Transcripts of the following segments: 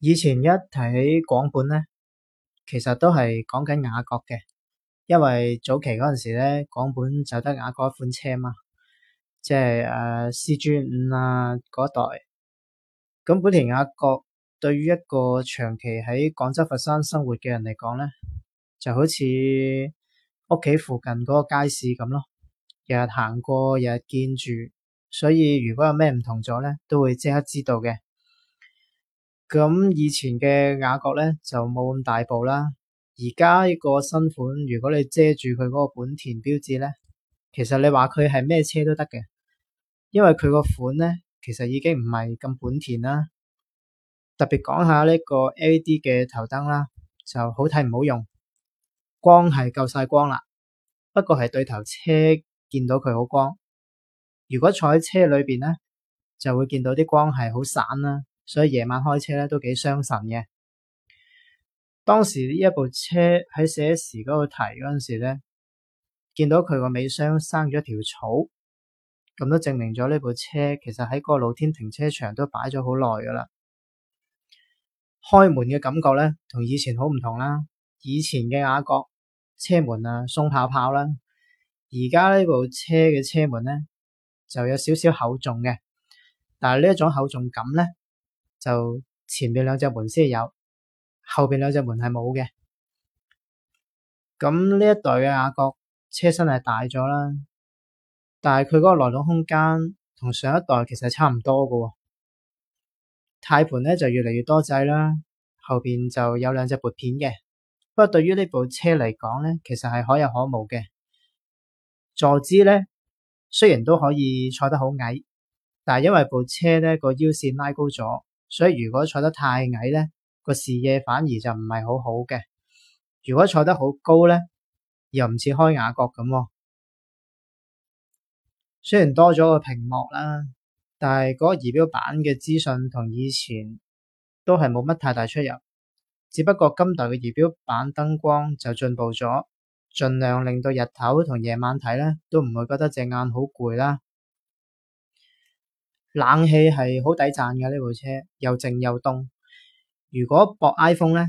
以前一提起廣本咧，其實都係講緊雅閣嘅，因為早期嗰陣時咧廣本就得雅閣一款車嘛，即係誒 CJ 五啊嗰一代。咁本田雅閣對於一個長期喺廣州、佛山生活嘅人嚟講咧，就好似屋企附近嗰個街市咁咯，日日行過，日日見住，所以如果有咩唔同咗咧，都會即刻知道嘅。咁以前嘅雅閣咧就冇咁大部啦，而家呢個新款，如果你遮住佢嗰個本田標誌咧，其實你話佢係咩車都得嘅，因為佢個款咧其實已經唔係咁本田啦。特別講下呢個 LED 嘅頭燈啦，就好睇唔好用，光係夠晒光啦，不過係對頭車見到佢好光，如果坐喺車裏邊咧，就會見到啲光係好散啦。所以夜晚開車咧都幾傷神嘅。當時呢一部車喺寫時嗰度提嗰陣時咧，見到佢個尾箱生咗條草，咁都證明咗呢部車其實喺個露天停車場都擺咗好耐㗎啦。開門嘅感覺咧，同以前好唔同啦。以前嘅雅閣車門啊，鬆泡泡啦，而家呢部車嘅車門咧就有少少厚重嘅，但係呢一種厚重感咧，就前面兩隻門先有，後邊兩隻門係冇嘅。咁呢一代嘅雅閣車身係大咗啦，但係佢嗰個內籠空間同上一代其實差唔多嘅。軚盤呢就越嚟越多掣啦，後邊就有兩隻撥片嘅，不過對於呢部車嚟講呢，其實係可有可無嘅。坐姿呢，雖然都可以坐得好矮，但係因為部車呢個腰線拉高咗。所以如果坐得太矮呢，個視野反而就唔係好好嘅；如果坐得好高呢，又唔似開雅閣咁。雖然多咗個屏幕啦，但係嗰個儀表板嘅資訊同以前都係冇乜太大出入，只不過今代嘅儀表板燈光就進步咗，盡量令到日頭同夜晚睇呢都唔會覺得隻眼好攰啦。冷氣係好抵讚嘅呢部車，又靜又凍。如果駁 iPhone 呢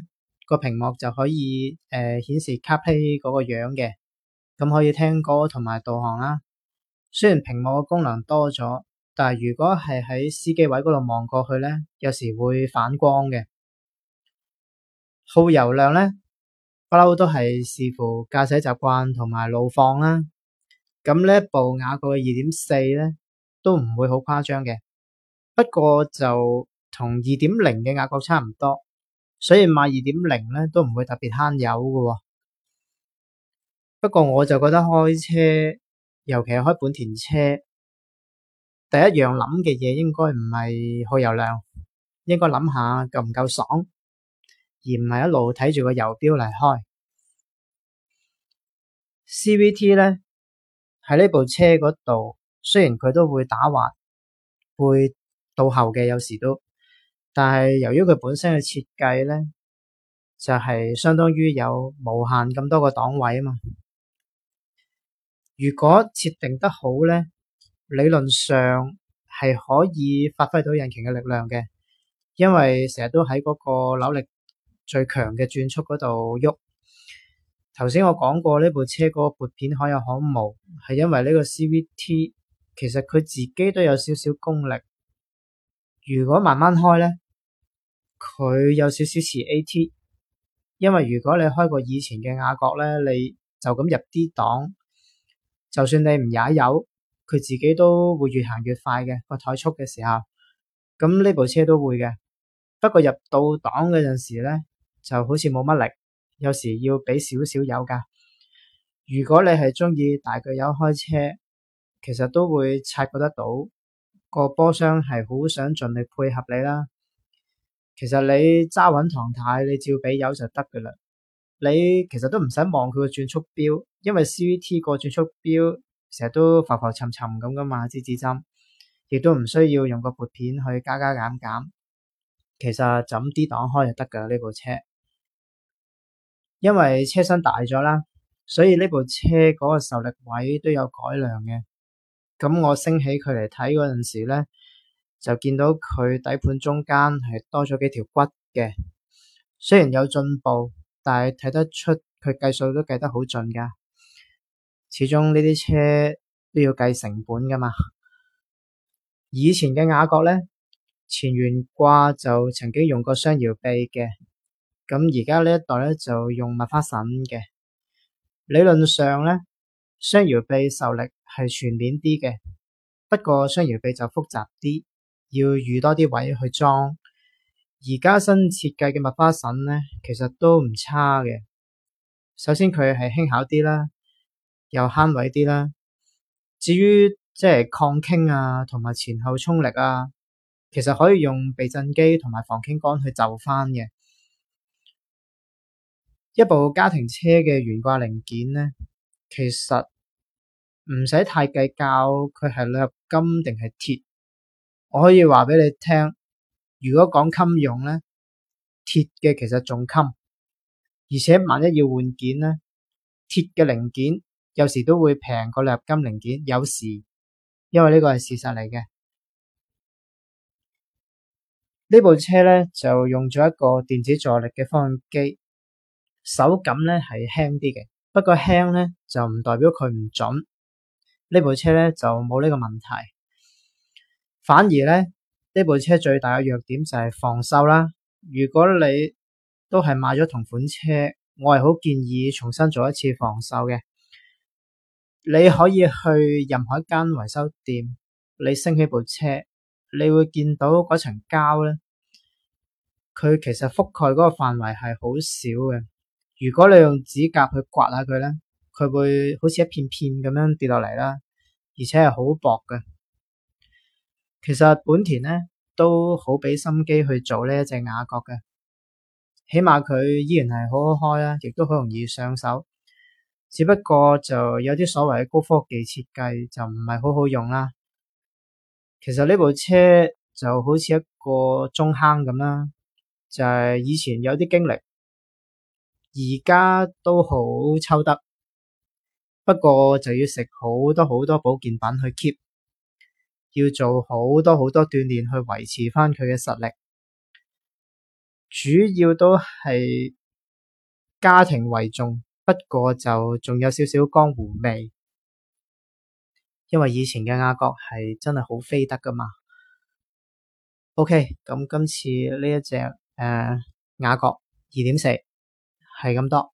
個屏幕就可以誒、呃、顯示 CarPlay 個樣嘅，咁可以聽歌同埋導航啦、啊。雖然屏幕嘅功能多咗，但係如果係喺司機位嗰度望過去呢，有時會反光嘅。耗油量呢，不嬲都係視乎駕駛習慣同埋路況啦、啊。咁呢部雅閣嘅二點四咧，都唔會好誇張嘅，不過就同二點零嘅價格差唔多，所以買二點零咧都唔會特別慳油嘅，哦。不過我就覺得開車，尤其係開本田車，第一樣諗嘅嘢應該唔係耗油量，應該諗下夠唔夠爽，而唔係一路睇住個油標嚟開。CVT 咧喺呢部車嗰度。雖然佢都會打滑，會倒後嘅有時都，但係由於佢本身嘅設計呢，就係、是、相當於有無限咁多個檔位啊嘛。如果設定得好呢，理論上係可以發揮到引擎嘅力量嘅，因為成日都喺嗰個扭力最強嘅轉速嗰度喐。頭先我講過呢部車嗰個撥片可有可無，係因為呢個 CVT。其實佢自己都有少少功力，如果慢慢開呢，佢有少少似 AT。因為如果你開過以前嘅雅閣呢，你就咁入啲檔，就算你唔踩油，佢自己都會越行越快嘅。個怠速嘅時候，咁呢部車都會嘅。不過入到檔嗰陣時呢，就好似冇乜力，有時要俾少少油噶。如果你係中意大腳油開車。其實都會察覺得到，個波箱係好想盡力配合你啦。其實你揸穩唐太，你照俾油就得噶啦。你其實都唔使望佢個轉速表，因為 C V T 個轉速表成日都浮浮沉沉咁噶嘛，支支針亦都唔需要用個撥片去加加減減。其實怎啲檔開就得噶啦呢部車，因為車身大咗啦，所以呢部車嗰個受力位都有改良嘅。咁我升起佢嚟睇嗰陣時咧，就見到佢底盤中間係多咗幾條骨嘅。雖然有進步，但係睇得出佢計數都計得好盡㗎。始終呢啲車都要計成本㗎嘛。以前嘅雅閣咧，前懸掛就曾經用過雙搖臂嘅。咁而家呢一代咧就用麥花臣嘅。理論上咧，雙搖臂受力係全面啲嘅，不過雙搖臂就複雜啲，要預多啲位去裝。而家新設計嘅麥花臣呢，其實都唔差嘅。首先佢係輕巧啲啦，又慳位啲啦。至於即係抗傾啊，同埋前後衝力啊，其實可以用避震機同埋防傾杆去就翻嘅。一部家庭車嘅懸掛零件呢，其實。唔使太計較佢係鋁合金定係鐵，我可以話俾你聽，如果講襟用咧，鐵嘅其實仲襟，而且萬一要換件咧，鐵嘅零件有時都會平過鋁合金零件，有時，因為呢個係事實嚟嘅。呢部車咧就用咗一個電子助力嘅方向機，手感咧係輕啲嘅，不過輕咧就唔代表佢唔準。呢部車咧就冇呢個問題，反而咧呢部車最大嘅弱點就係防銹啦。如果你都係買咗同款車，我係好建議重新做一次防銹嘅。你可以去任何一間維修店，你升起部車，你會見到嗰層膠咧，佢其實覆蓋嗰個範圍係好少嘅。如果你用指甲去刮下佢咧。佢會好似一片片咁樣跌落嚟啦，而且係好薄嘅。其實本田呢都好俾心機去做呢一隻雅閣嘅，起碼佢依然係好好開呀，亦都好容易上手。只不過就有啲所謂嘅高科技設計就唔係好好用啦。其實呢部車就好似一個中坑咁啦，就係以前有啲經歷，而家都好抽得。不過就要食好多好多保健品去 keep，要做好多好多鍛煉去維持翻佢嘅實力，主要都係家庭為重。不過就仲有少少江湖味，因為以前嘅雅閣係真係好飛得噶嘛。OK，咁今次呢一隻誒雅閣二點四係咁多。